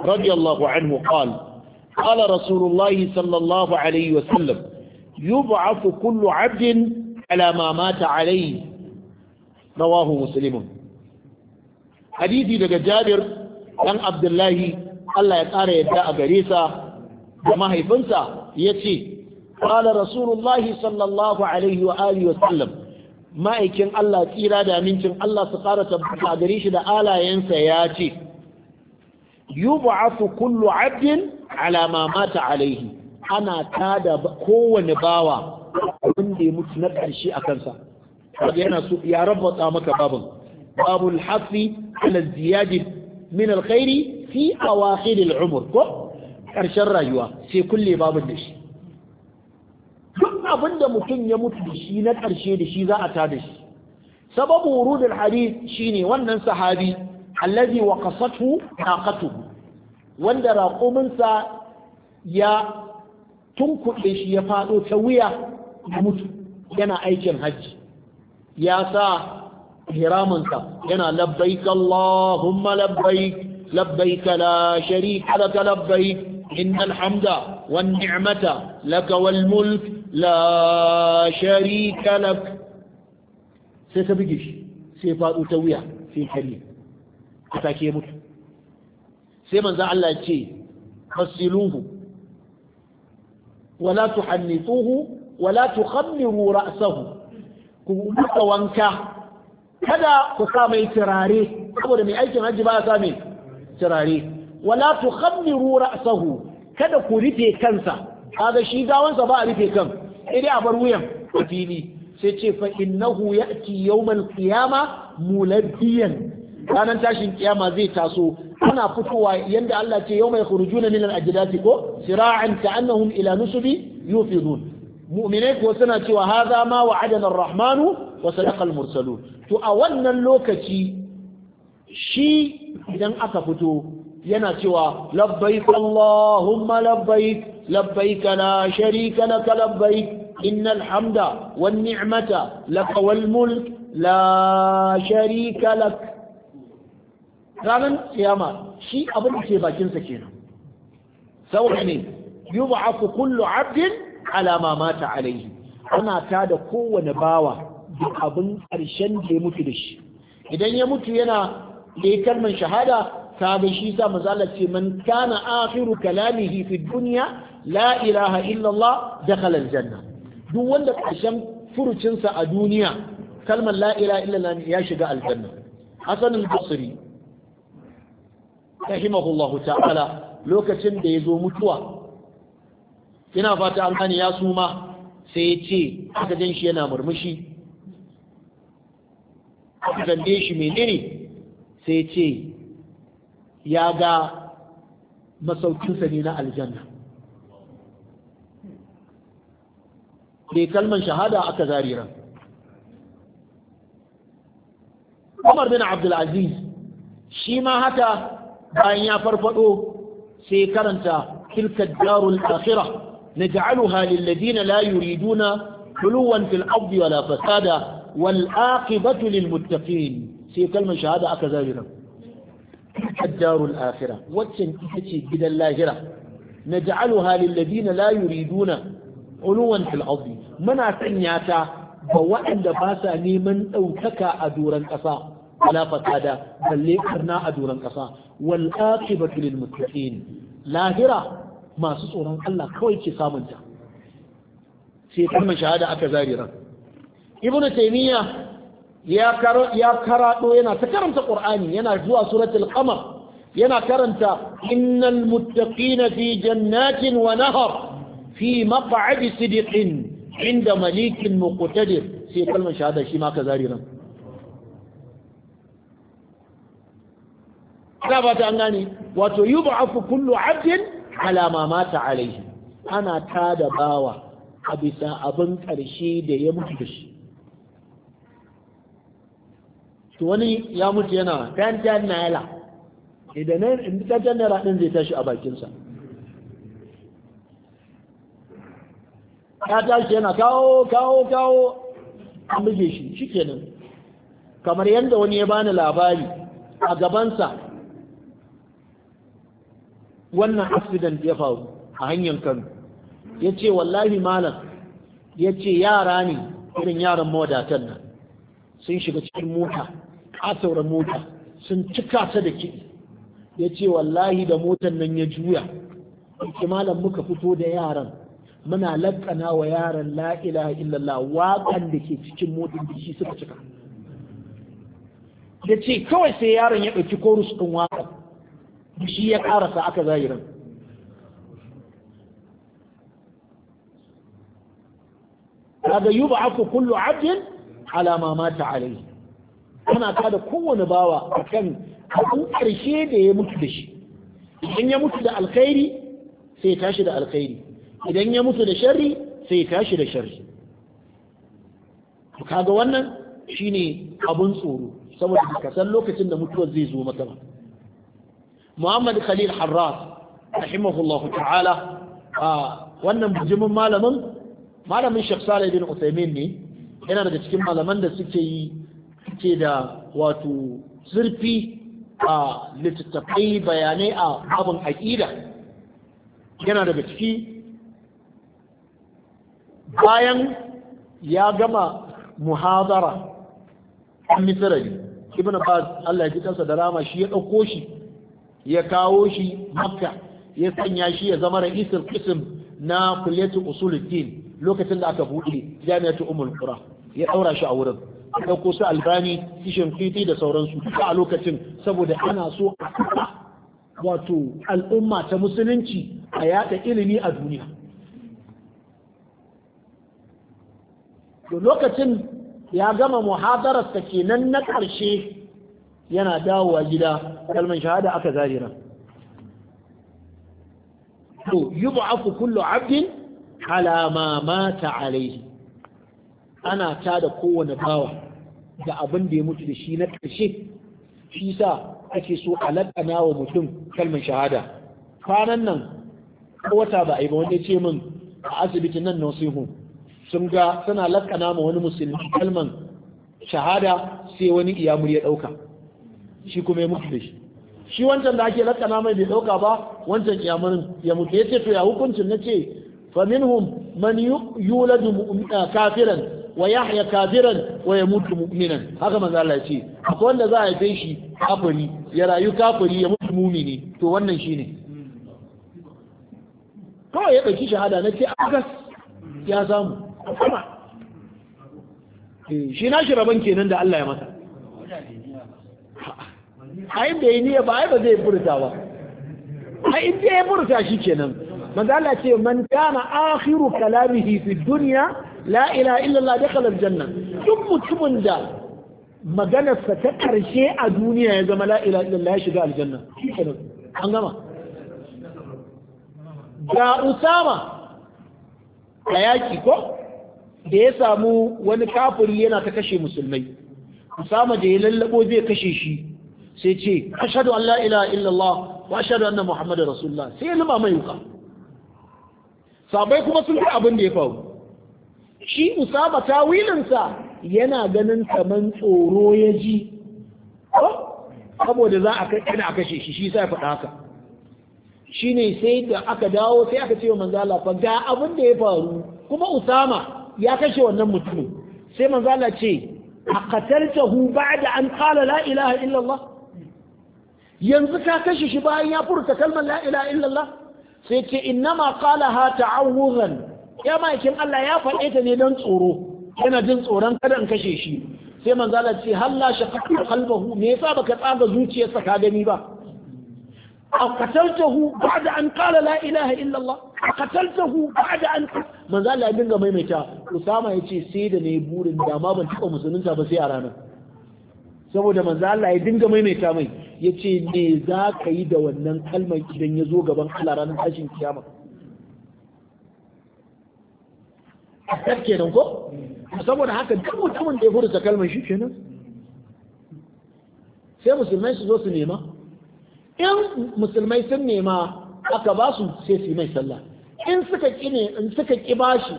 radiyallahu anhu qala qala rasulullah sallallahu alaihi wasallam yub'ath kullu 'abdin ala ma mata alayhi rawahu hadisi daga jabir dan abdullahi Allah ya ƙara yadda a gare da mahaifinsa ya ce ƙwala rasulullahi sallallahu alaihi wa alihi wa sallam ma'aikin Allah tsira da amincin Allah su ƙara tabbata gare shi da alayensa ya ce yub'athu kullu 'abdin ala ma mata alaihi ana tada kowane bawa Wanda ya mutu na ƙarshe a kansa kaga yana so ya rabata maka babin babul hasi ala min alkhairi fi awakhir al'umr ko ƙarshen rayuwa sai kulle babin da shi duk abin da mutum ya mutu da shi na ƙarshe da shi za a ta da shi sababu wurudul shi shine wannan sahabi allazi waqasatu naqatuhu wanda raƙuminsa ya tunkuɗe shi ya faɗo ta wuya ya mutu yana aikin hajji ya sa hiraminsa yana labbaik Allahumma labbaik labbaik la sharika labbaik إن الحمد والنعمة لك والملك لا شريك لك سيسبقش سيفاد تويا في حليم أتاكي يموت سيما زع الله يتشي فصلوه ولا تحنثوه ولا تخمروا رأسه كنت وانكا هذا ku sa mai turare أي شيء ما hajji ba wala tukhammiru ra'sahu kada ku rufe kansa kaga shi gawansa ba a rufe kan sai dai a bar wuyan a fili sai ce fa innahu ya'ti yawmal qiyama mulabbiyan ranar tashin kiyama zai taso ana fitowa yanda Allah ce yau mai khurujuna min al-ajdati ko sira'an ka'annahum ila nusubi yufidun mu'minai ko suna cewa hadha ma wa'adana ar-rahmanu wa sadaqa al-mursalun to a wannan lokaci shi idan aka fito yana cewa labbaik Allahumma labbaik labbaik la sharika laka labbaik innal hamda wan ni'mata laka wal mulk la sharika lak ranar kiyama shi abin ce ke bakin sa kenan saboda ne yub'athu kullu 'abdin ala ma mata alayhi ana tada kowane bawa duk abin ƙarshen da ya mutu da shi idan ya mutu yana lekar man shahada kaga shi sa manzala ce man kana akhiru kalamihi fi dunya la ilaha illa Allah dakhala aljanna duk wanda karshen furucinsa a duniya kalmar la ilaha illa Allah ya shiga aljanna Hassan al-Basri rahimahullahu ta'ala lokacin da ya zo mutuwa ina fata an gane ya suma sai ya ce aka jan shi yana murmushi aka tambaye shi menene sai ya ce ya ga masaukinsa ne na aljanna bai kalman shahada aka zariran Umar bin Abdulaziz shi ma haka bayan ya farfado sai karanta tilka darul akhirah نجعلها للذين لا يريدون حلوا في الأرض ولا فسادا والآقبة للمتقين سي كلمة شهادة أكذابنا دار الآخرة وكن إحكي قد اللاجرة نجعلها للذين لا يريدون علوا في الأرض منع تنياتا فوأن دفاسا لمن أو أدورا قصا ولا فتادا بل أدورا قصا والآقبة للمتقين لاجرة ما سسورا الله كويكي سامنجا سيكون من شهادة أكزاريرا ابن تيمية يا ya يا yana ta تكرمت القرآن yana zuwa سورة القمر yana karanta innal muttaqina fi jannatin wa nahar fi maq'adi sidiqin inda malikin muqtadir sai kalmar shahada shi ma ka zari nan da ba ta an gane wato yub'afu kullu 'abdin ala ma mata alayhi ana tada bawa a bisa abin karshe da ya mutu da shi wani ya mutu yana tantan naira. idan nan indikatar naira ɗin zai tashi a bakinsa ya tashi yana kawo kawo kawo an buge shi shikenan kamar yadda wani ya bani labari a gabansa wannan accident ya faru a hanyar kano ya ce wallahi malam ya ce yara ne irin yaran mawadatan nan sun shiga cikin mota ƙasauran mota sun cika ta da kiɗi ya ce wallahi da motan nan ya juya malam muka fito da yaran muna lakkana wa yaran la illallah waƙan da ke cikin motar da shi suka cika ya ce kawai sai yaron ya ɗauki korus ɗin waƙan da shi ya ƙarasa aka zahirin kaga yub'athu kullu 'abdin alama mata alai ana kada kowane bawa akan abin ƙarshe da ya mutu da shi idan ya mutu da alkhairi sai ya tashi da alkhairi idan ya mutu da sharri sai ya tashi da sharri kaga wannan shine abun tsoro saboda ka san lokacin da mutuwar zai zo maka ba Muhammad Khalil Harras rahimahullahu ta'ala a wannan bijimin malamin malamin Sheikh Saleh bin Uthaymeen ne yana daga cikin malaman da suke yi suke da wato zurfi a littattafai bayanai a abin aƙida yana daga ciki bayan ya gama muhazara an misirari ibn abbas Allah ya ji kansa da rama shi ya ɗauko shi ya kawo shi makka ya sanya shi ya zama ra'isul qism na kulliyatu usuluddin lokacin da aka buɗe jami'atu ummul qura ya ɗaura shi a wurin ɗauko su albani kishin fiti da sauransu ba a lokacin saboda ana so a wato al'umma ta musulunci a yaɗa ilimi a duniya lokacin ya gama muhadararsa kenan na ƙarshe yana dawowa gida kalman shahada aka zare ran to yub'afu kullu 'abdin ala ma mata alayhi ana ta da kowane bawa da abin da ya mutu da shi na ƙarshe shi sa ake so a laƙana wa mutum kalmar shahada kwanan nan wata ba a yi ba wanda ce min a asibitin nan nasihu sun ga suna laƙana ma wani musulmi kalmar shahada sai wani iyamur ya ɗauka shi kuma ya mutu da shi shi wancan da ake laƙana mai bai ɗauka ba wancan iyamurin ya mutu ya ce to ya hukuncin na ce faminhum man yuladu kafiran wa yahya kafiran wa yamutu mu'minan haka manzo Allah ya ce akwai wanda za a yi shi kafiri ya rayu kafiri ya mutu mumini to wannan shine kawai ya ɗauki shahada na ce agas ya samu kuma eh, shi na shi rabon kenan da Allah ya masa a inda ya niyya ba ai ba zai furta ba a inda ya furta shi kenan manzo Allah ce man kana akhiru kalamihi fi dunya la ilaha illallah dakhala aljanna duk mutumin da maganarsa ta karshe a duniya ya zama la ilaha illallah ya shiga aljanna an gama ga usama a yaki ko da ya samu wani kafiri yana ta kashe musulmai usama da ya lallabo zai kashe shi sai ce ashhadu an la ilaha illallah wa ashhadu anna Muhammadu rasulullah sai ya lima mai wuka sabai kuma sun ga abin da ya faru shi usama wilinsa, yana ganin kaman tsoro ya ji saboda za a kada a kashe shi shi sai faɗa haka Shi ne sai da aka dawo sai aka ce wa manzo Allah fa ga abin da ya faru kuma usama ya kashe wannan mutumin sai manzo Allah ce aqataltahu ba'da an qala la ilaha illa Allah yanzu ka kashe shi bayan ya furta kalmar la ilaha illa Allah sai ce innama qalaha ta'awuzan ya ma'aikin Allah ya faɗe ta ne don tsoro yana jin tsoron kada in kashe shi sai manzo Allah ce halla shaqqa qalbahu me yasa baka tsaga zuciyarsa ka gani ba aw qataltahu ba'da an qala la ilaha illa Allah ba'da an manzo Allah ya dinga maimaita Usama yace sai da ne burin da ma ban taba musulunta ba sai a ranar saboda manzo Allah ya dinga maimaita mai yace me za ka yi da wannan kalmar idan ya zo gaban Allah ranar tashin kiyama asar kenan ko saboda haka duk mutumin da ya furta kalmar shi kenan sai musulmai su zo su nema in musulmai sun nema aka ba su sai su yi mai sallah in suka ki ne in suka ki ba shi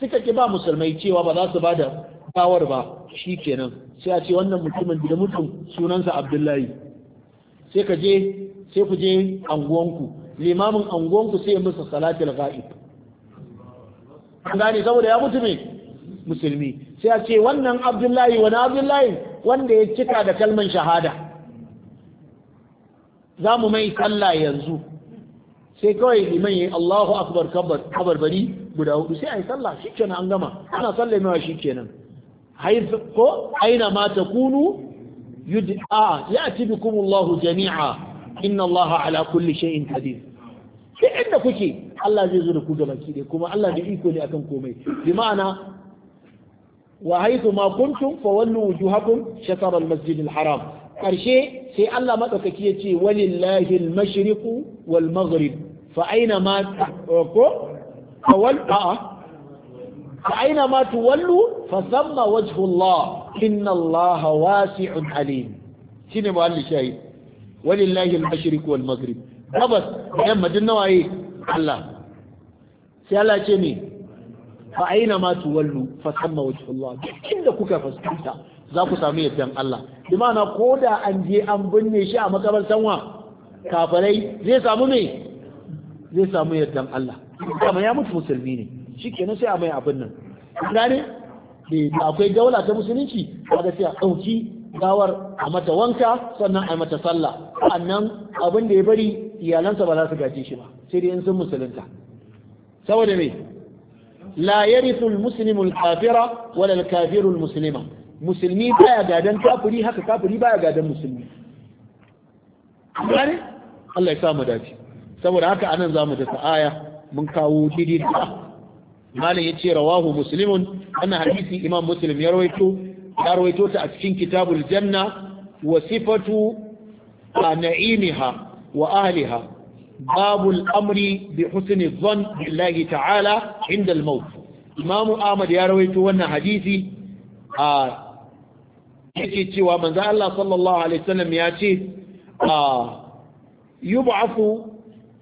suka ki ba musulmai cewa ba za su ba da bawar ba shi kenan sai a ce wannan mutumin da mutum sunansa abdullahi sai ka je sai ku je anguwanku limamin anguwanku sai ya musu salatul ghaib an gane saboda ya mutu ne musulmi sai a ce wannan abdullahi wani abdullahi wanda ya cika da kalman shahada za mu mai sallah yanzu sai kawai liman yi Allahu akbar kabar bari guda hudu sai a yi sallah shi kenan an gama ana sallah mawa shi kenan ko aina ma ta kunu yud'a ya'ti bikum Allahu jami'a inna Allaha ala kulli shay'in qadir sai inda kuke Allah zai zo da ku gabaki ɗaya kuma Allah da iko ne akan komai bi ma'ana wa haythu ma kuntum fawallu wujuhakum shatara al-masjid al-haram karshe sai Allah madaukaki yace walillahi al-mashriqu wal maghrib fa aina ma eh, ko fawal a'a fa aina ma tuwallu fa thamma wajhu Allah inna Allah wasi'un alim shine mu'allim shayi walillahi al-mashriqu wal maghrib gabas yamma din nawaye Allah sai Allah ce ne fa aina ma tuwallu fa samma wajhullah inda kuka fuskanta za ku samu yaddan Allah bi ma'ana ko da an je an binne shi a makabar sanwa kafirai zai samu me zai samu yaddan Allah kuma ya mutu musulmi ne shikenan sai a mai abin nan gane da akwai daula ta musulunci da sai a dauki gawar a mata wanka sannan a mata sallah annan abin da ya bari iyalansa ba za su gaje shi ba sai dai in sun musulunta saboda me la yarithu almuslimu alkafira wala alkafiru almuslima musulmi baya gadan kafiri haka kafiri baya gadan musulmi gane Allah ya sa mu dace saboda haka anan zamu ta aya mun kawo didi malam yace rawahu muslimun ana hadisi imam muslim ya rawaito ya rawaito ta a cikin kitabul janna wa sifatu na'imiha wa ahliha babul amri bi husni dhann billahi ta'ala inda al-maut imam ahmad ya rawaito wannan hadisi a yake cewa manzo Allah sallallahu alaihi wasallam ya ce a yub'athu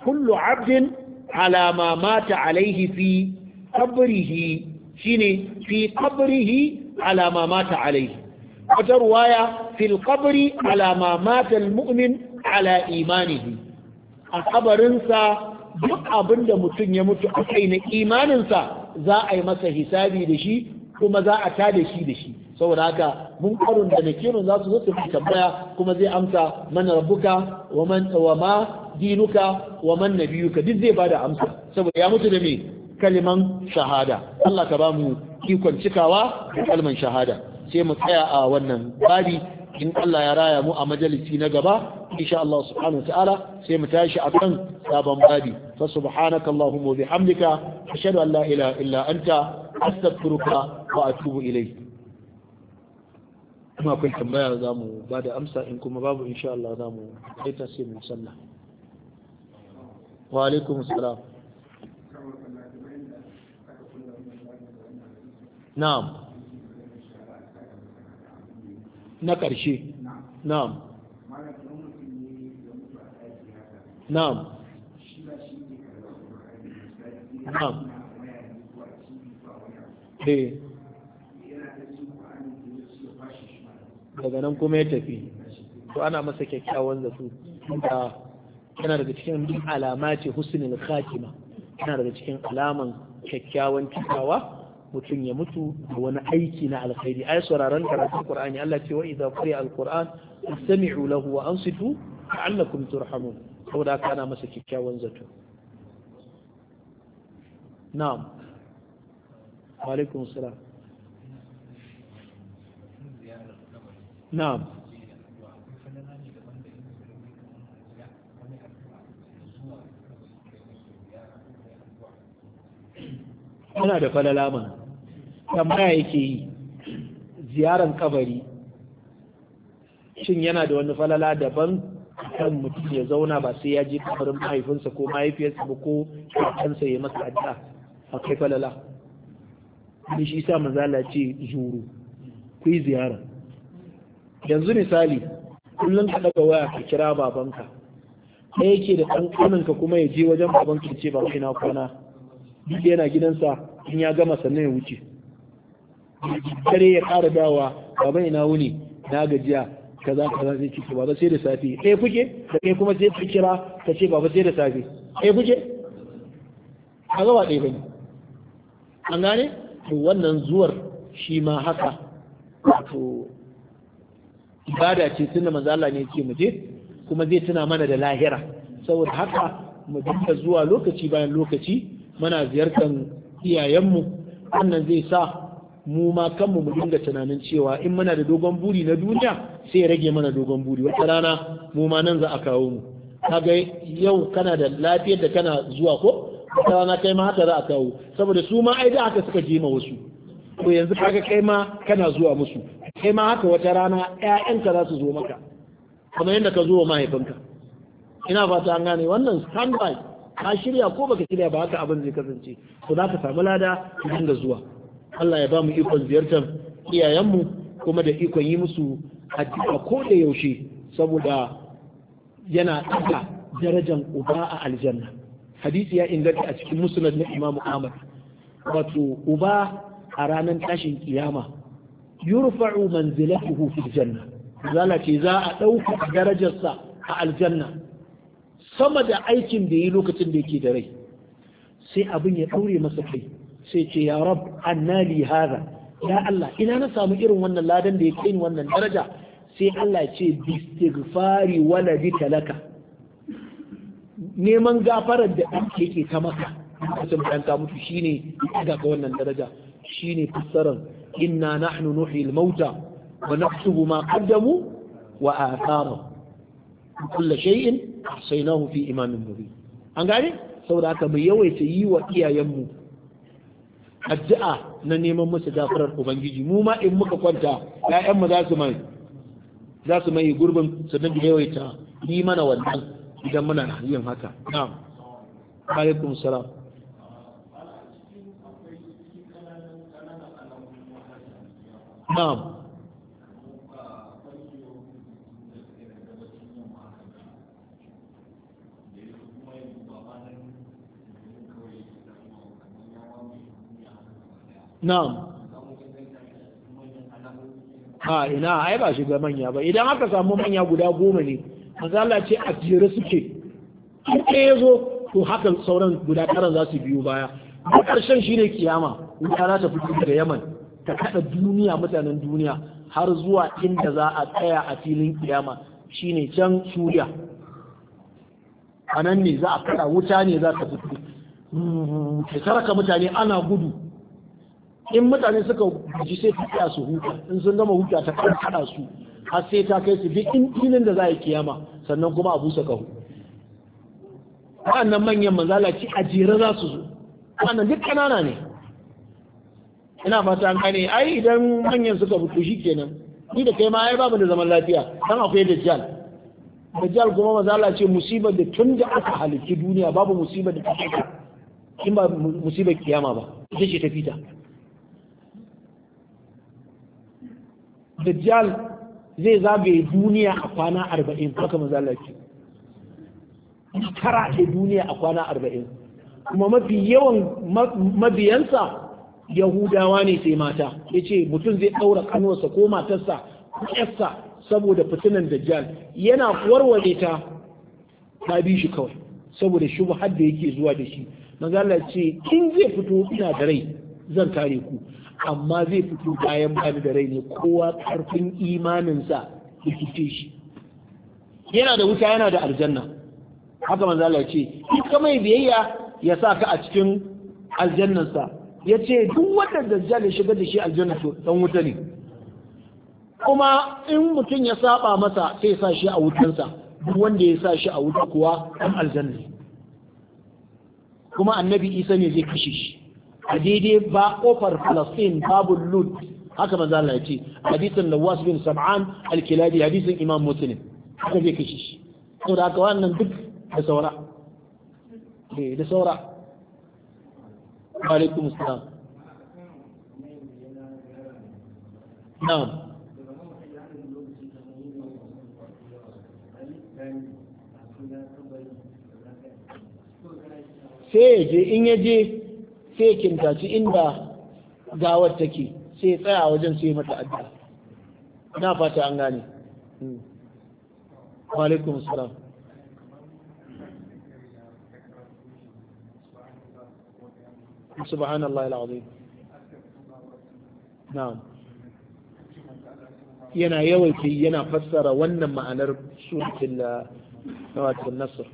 kullu 'abdin ala ma mata alaihi fi qabrihi shine fi qabrihi ala ma mata alaihi wata ruwaya fil qabri ala ma mata al-mu'min ala imanihi a kabarinsa duk abin da mutum ya mutu a kai na imaninsa za a yi masa hisabi da shi kuma za a tada shi da shi saboda haka mun karun da nakirun za su zo su tambaya kuma zai amsa man rabbuka wa man wa ma dinuka wa man nabiyuka duk zai bada amsa saboda ya mutu da me kaliman shahada Allah ka bamu ikon cikawa da kalman shahada sai mu tsaya a wannan babi in Allah ya raya mu a majalisi na gaba insha Allah subhanahu ta'ala sai mu tashi a kan sabon babi fa subhanaka allahumma bihamdika ashhadu an la ilaha illa anta astaghfiruka wa atubu ilayk kuma kun tambaya zamu bada amsa in kuma babu insha Allah za mu aita sai mu sallah wa alaikum salam na'am na ƙarshe na'am na'am na'am eh. daga nan kuma ya tafi to ana masa kyakkyawan zato da yana daga cikin duk alama ce husnul khatima yana daga cikin alaman kyakkyawan cikawa mutum ya mutu da wani aiki na alkhairi ai sauraron karatun qur'ani Allah ce wa idza qari'a alquran istami'u lahu wa ansitu la'allakum turhamun saboda ka na masa kyakkyawan zato na'am alaikun salam na'am yana da falala mana ya yake yi Ziyarar kabari shin yana da wani falala daban kan mutum ya zauna ba sai ya je kabarin mahaifinsa ko mahaifiyarsa ba ko kansa ya masa addu'a a kai falala ni shi sa manzala ce zuru ku yi ziyara yanzu misali kullum ka daga waya ka kira babanka ɗaya yake da ɗan ƙaninka kuma ya je wajen babanka ya ce ba na kwana duk yana gidansa in ya gama sannan ya wuce dare ya ƙara dawa baban ina wuni na gajiya kaza kaza zai ci ba sai da safi eh kuke da kai kuma sai ka kira ka ce baba sai da safi eh kuke a gaba ɗaya bane an gane to wannan zuwar shi ma haka wato ibada ce tunda manzo Allah ne yake mu je kuma zai tuna mana da lahira saboda haka mu dinga zuwa lokaci bayan lokaci muna ziyartar iyayenmu wannan zai sa mu ma kanmu mu dinga tunanin cewa in muna da dogon buri na duniya sai ya rage mana dogon buri wata rana mu ma nan za a kawo mu kaga yau kana da lafiyar da kana zuwa ko wata rana kai ma haka za a kawo saboda su ma ai da haka suka je ma wasu to yanzu kaga kai ma kana zuwa musu kai ma haka wata rana ƴaƴanka za su zo maka kamar yadda ka zo wa mahaifinka ina fata an gane wannan standby ka shirya ko baka shirya ba haka abin zai kasance to za ka samu lada ki dinga zuwa Allah ya ba mu ikon ziyartar iyayenmu kuma da ikon yi musu addu'a ko da yaushe saboda yana ɗaga darajar uba a aljanna hadisi ya inganta a cikin musulun na Imam Ahmad wato uba a ranar tashin kiyama yurfa'u manzilatuhu fil janna zala ce za a ɗauka darajarsa a aljanna sama da aikin da yi lokacin da yake da rai sai abin ya ɗaure masa kai sai ce ya rab annali hada ya Allah ina na samu irin wannan ladan da ya kai wannan daraja sai Allah ce bistighfari waladika talaka neman gafarar da ɗan yake ta maka mutum ɗan ka mutu shine ya ga wannan daraja shine fassarar inna nahnu nuhi al-mauta wa nahsubu ma qaddamu wa atharu kullu shay'in ahsaynahu fi imamin mubin an gane saboda haka mu yawaita yi wa iyayenmu addu'a na neman musu gafarar ubangiji mu ma in muka kwanta mu za su mai za su mai gurbin su dinga yawaita yi mana wannan idan muna yin haka na'am alaikum salam na'am na'am ha ina ai ba shiga manya ba idan aka samu manya guda goma ne mazala ce a jere suke in ɗaya zo to haka sauran guda tara za su biyo baya A ƙarshen shine kiyama wuta za ta fito daga yaman ta kada duniya mutanen duniya har zuwa inda za a tsaya a filin kiyama shine can suriya a nan ne za a kada wuta ne za ta fito ta hmm, saraka mutane ana gudu in mutane suka guji sai ta tsaya su huta in sun gama huta ta kankana su har sai ta kai su bi in da za a yi kiyama sannan kuma a busa kahu nan manyan manzala ci a jere za su zo nan duk kanana ne ina fata an gane ai idan manyan suka fito shi kenan ni da kai ma ai babu da zaman lafiya dan akwai dajjal dajjal kuma manzala ce musibar da tun da aka halitta duniya babu musibar da ta in ba musibar kiyama ba ita ce ta fita dajjal zai zagaye duniya a kwana arba'in haka mazalaki Tara ke duniya a kwana arba'in kuma mafi yawan mabiyansa yahudawa ne sai mata ya ce mutum zai ɗaura kanuwarsa ko matarsa ko ƴarsa saboda fitinan dajjal yana warware ta ta bi shi kawai saboda shi har da yake zuwa da shi Mazalar ce in zai fito ina da rai zan kare ku amma zai fito bayan bani da rai ne kowa karfin imaninsa ya fice shi yana da wuta yana da aljanna haka manzo Allah ce ka mai biyayya ya sa ka a cikin aljannansa. ya ce duk wanda dajjal ya shiga da shi aljanna to dan wuta ne kuma in mutum ya saba masa sai sa shi a wutansa duk wanda ya sa shi a wuta kuwa dan aljanna kuma annabi Isa ne zai kashe shi a daidai ba kofar falastin babu Lut haka manzo Allah ya ce hadisin Nawas bin Sam'an al-Kilabi hadisin Imam Muslim haka zai kishi shi saboda haka wannan duk da saura eh da saura wa alaikum assalam na'am sai je in ya je sai ci inda gawar take sai tsaya wajen sai mata addu'a Na fata an gane hmm. wa alaikum salam subhanallahi alazim na'am yana yawanci yana fassara wannan ma'anar suratul wato uh, nasr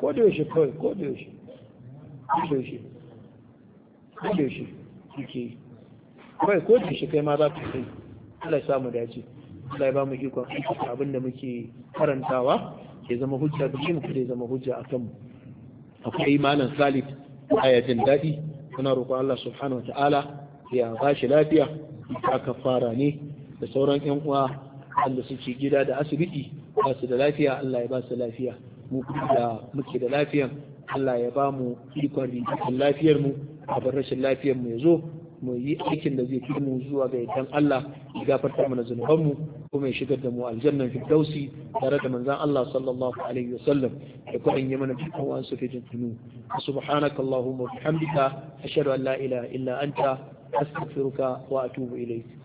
ko da yaushe kawai ko da yaushe ko da yaushe ko da yaushe kawai ko da yaushe kai ma za ka kai Allah ya samu dace Allah ya ba mu ikon abin da muke karantawa ya zama hujja ga mu kuma ya zama hujja a kanmu akwai malam Salif baya jin daɗi muna roƙon Allah subhanahu wataala ya ba shi lafiya aka fara ne da sauran yan uwa wanda suke gida da asibiti ba su da lafiya Allah ya ba su lafiya mu da muke da lafiyan Allah ya ba mu ikon rigikin lafiyar mu abin rashin lafiyar mu ya zo mu yi aikin da zai fi mu zuwa ga idan Allah ya gafarta mana zunuban mu kuma ya shigar da mu aljannan firdausi tare da manzon Allah sallallahu alaihi ya da kuma yi mana dukkan wasu fitin tunu subhanaka allahumma bihamdika ashhadu an la ilaha illa anta astaghfiruka wa atubu ilayk